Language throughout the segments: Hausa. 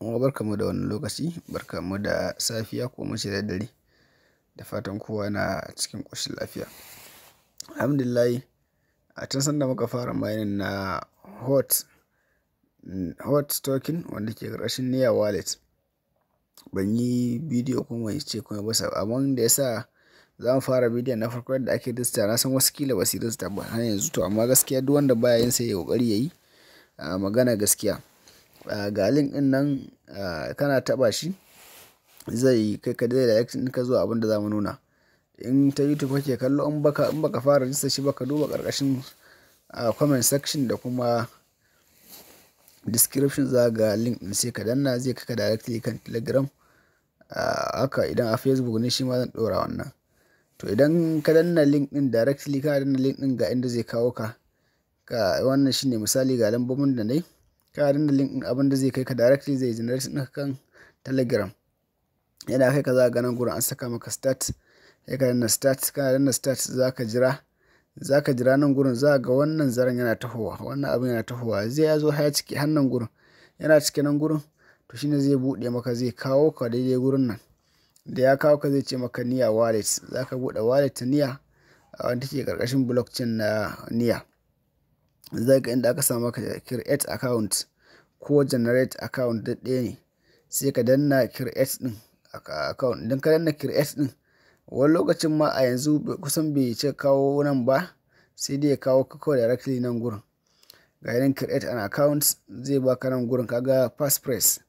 barka barkamu da wani lokaci, barka mu da safiya ko mace da dare. Da fatan kowa na cikin ƙoshin lafiya. Alhamdulillah, a can sanda muka fara mining na hot, hot token wanda ke ƙarƙashin Near wallet. Ban yi bidiyo kuma mai ce kuma ba amma da ya sa za mu fara bidiyon na farko da ake register. Na san wasu kila basu su ba har yanzu to amma gaskiya duk wanda baya yin sai ya yi ƙoƙari ya yi. Magana gaskiya. Ah, ga link din nan ah, kana taba shi zai kai ka da direction zo zo abin da zamu nuna in ta youtube kake kallo in baka in baka fara rijista shi baka duba karkashin ah, comment section da kuma description za ga link din sai ka danna zai kai ka directly kan telegram haka idan a facebook ne shi ma zan dora wannan to idan ka danna link din directly ka danna link din ga inda zai kawo ka ka wannan shine misali ga lambobin da nayi ka danna link din abin da zai kai ka directly zai generate ɗinka kan telegram yana kai ka za nan gurin an saka maka start sai ka danna start kana danna start za ka jira za ka jira nan gurin za ga wannan zaren yana tahowa wannan abin yana tahowa zai ya zo haya ciki hannun gurin yana cike nan gurin to shine zai bude maka zai kawo ka daidai gurin nan da ya kawo ka zai ce maka niya wallet za ka buɗe wallet ta niya a wanda take karkashin blockchain na niya zai ga inda aka samu ka create account ko generate account duk ɗaya ne sai ka danna create din account idan ka danna create ɗin wani lokacin ma a yanzu kusan bai ce kawo nan ba sai dai ya kawo ka kawai directly nan gurin ga yanin create an account zai baka nan gurin kaga passpress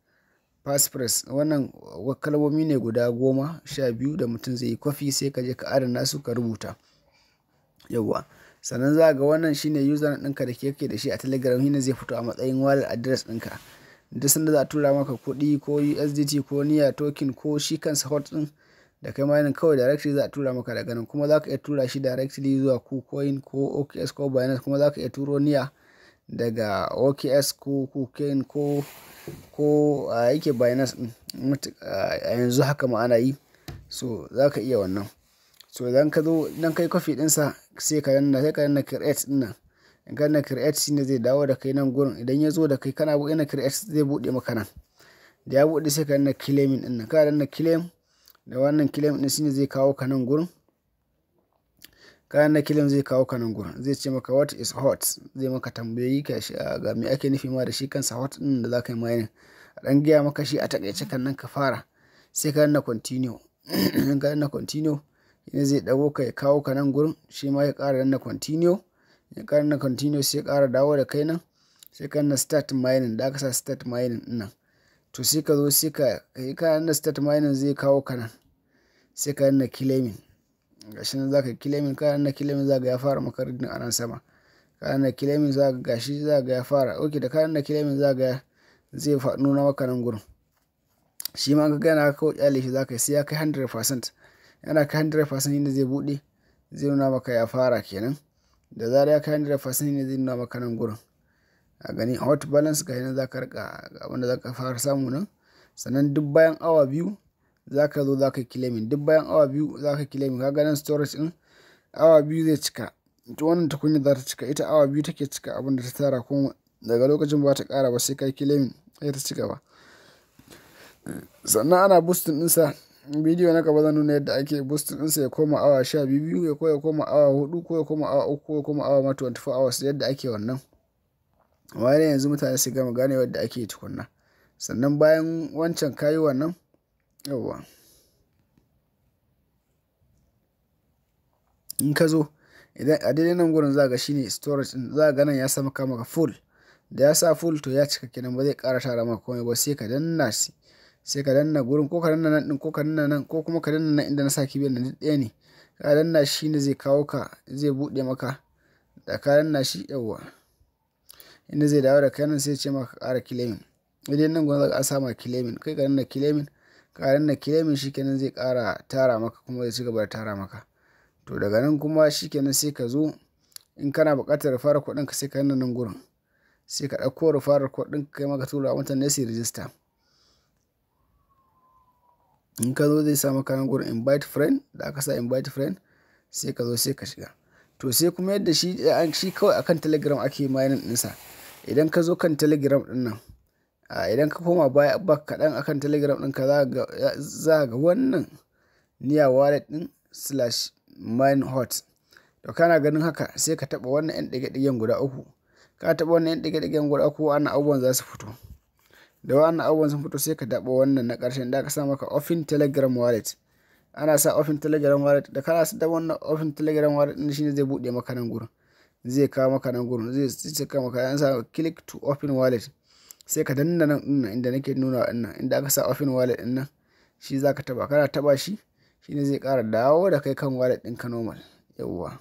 passpress wannan kalmomi ne guda goma sha biyu da mutum zai yi kwafi sai ka je ka adana su ka rubuta yawwa sannan za ga wannan shine user ɗinka da ke da shi a telegram shine zai fito a matsayin wallet address ɗinka duk sanda za a tura maka kuɗi ko usdt ko niya token ko shi kansa hot ɗin da kai mining kawai directly za a tura maka daga nan kuma za ka iya tura shi directly zuwa kucoin ko oks ko binance kuma za ka iya turo niya daga oks ko kucoin ko ko yake binance a yanzu haka ma ana yi so za ka iya wannan so idan ka zo idan kai kofi ɗinsa sai ka danna sai ka danna create din nan in ka danna create shine zai dawo da kai nan gurin idan ya zo da kai kana buɗe na create zai buɗe maka nan da ya buɗe sai ka danna claim din nan ka danna claim da wannan claim din shine zai kawo ka nan gurin ka na claim zai kawo kanan gurin zai ce maka what is hot zai maka tambayoyi ka shi ah, ga me ake nufi ma da shi kansa hot din da za ka yi mining a dan gaya maka shi a takaice kan nan ka fara sai ka na continue in ka na continue ne zai dago ka ya kawo ka nan gurin shi ma ya ƙara na continue ya ƙara na continue sai ya ƙara dawo da kai nan sai ka na start mining da aka sa start mining ɗin nan to sai ka zo sai ka kai ka danna start mining zai kawo ka nan sai ka na claiming gashi nan za ka claiming ka danna claiming za ga ya fara maka reading a nan sama ka danna claiming za ga gashi za ga ya fara ok da ka danna claiming za ga zai nuna maka nan gurin shi ma ka gana ka kyale shi za ka sai ya kai 100% yana ka 100% inda zai buɗe zai nuna maka ya fara kenan da zarar ya kai 100% ne zai nuna maka nan gurin a gani hot balance ga yana zaka rika abinda zaka fara samu nan sannan duk bayan awa biyu zaka zo zaka claiming duk bayan awa biyu zaka claiming kaga nan storage din awa biyu zai cika ita wannan tukunya za ta cika ita awa biyu take cika abinda ta tara kuma daga lokacin ba ta kara ba sai kai claiming sai ta cika ba sannan ana boosting sa bidiyo na gaba zan nuna yadda ake boost ɗinsa ya koma awa 12 ya koya ya koma awa 4 ko ya koma awa 3 ko ya koma awa 24 hours yadda ake wannan wani yanzu mutane su gama gane yadda ake tukunna sannan bayan wancan kayi wannan yawa in ka zo idan a daidai nan gurin za ga shine storage din za ga nan ya sa maka maka full da ya sa full to ya cika kenan ba zai kara tara maka komai ba sai ka danna shi sai ka danna gurin ko ka danna nan din ko ka danna nan ko kuma ka danna nan inda na sa kibiyar na ɗaya ne ka danna shi ne zai kawo ka zai buɗe maka da ka danna shi yawwa inda zai dawo da kai nan sai ce maka ƙara kilemin idan nan gwamnati za a sama kilemin kai ka danna kilemin ka danna kilemin shi kenan zai ƙara tara maka kuma zai ci gaba da tara maka to daga nan kuma shi kenan sai ka zo in kana buƙatar kuɗin ka sai ka danna nan gurin sai ka ɗauko rufar ka kai maka tura mutane sai rijista in ka zo zai sa maka nan gurin invite friend da aka sa invite friend sai ka zo sai ka shiga to sai kuma yadda shi eh, shi kawai akan telegram ake mining nisa idan ka zo kan telegram din nan idan ka koma baya back kaɗan akan telegram din ka za ga wannan niya wallet din slash mine hot to kana ganin haka sai ka taɓa wannan yan ɗage-ɗagen guda uku ka taɓa wannan yan ɗage-ɗagen guda uku ana abubuwan za su fito da wannan abubuwan sun fito sai ka taɓa wannan na ƙarshe da aka sa maka offin telegram wallet ana sa offin telegram wallet da kana sa da wannan offin telegram wallet din shine zai buɗe maka nan gurin zai kawo maka nan gurin zai cika maka an sa click to open wallet sai ka danna nan dinnan inda nake nuna ina inda aka sa Offin wallet din nan shi zaka taba kana taba shi shine zai kara dawo da kai kan wallet din ka normal yawwa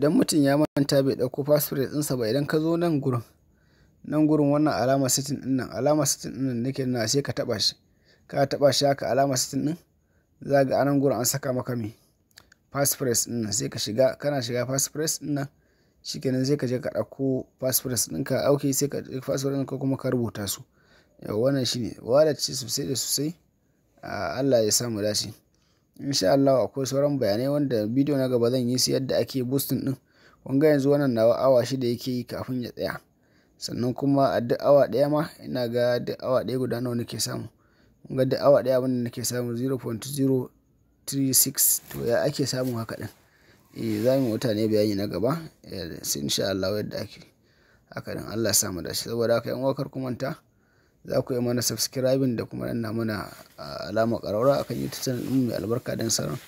idan mutum ya manta bai dauko password ɗinsa ba idan ka zo nan gurin nan gurin wannan alama sitin din nan alama sitin din nan nake nuna sai ka taba shi ka taba shi haka alama sitin din za ga anan gurin an saka maka me press din nan sai ka shiga kana shiga press din nan shikenan sai ka je ka dauko press din ka auke sai ka press din ka kuma ka rubuta su yau wannan shine wallet ce sosai da sosai Allah ya samu dace insha Allah akwai sauran bayanai wanda bidiyo na gaba zan yi su yadda ake boosting din kun ga yanzu wannan nawa awa shida yake yi kafin ya tsaya sannan kuma a duk awa ɗaya ma ina ga duk awa ɗaya guda nawa nake samu mun ga duk awa ɗaya abin da nake samu 0.036 to ya ake samu haka ɗin eh za mu mutane bayani na gaba sai eh, insha Allah yadda ake haka ɗin Allah ya mu dace saboda haka yan wakar ku manta za ku yi mana subscribing da kuma yana mana ah, alama karaura akan YouTube channel din mai albarka dan sauran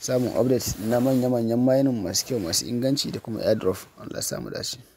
samun update na manya-manyan mining masu kyau masu inganci da kuma airdrop Allah ya mu dace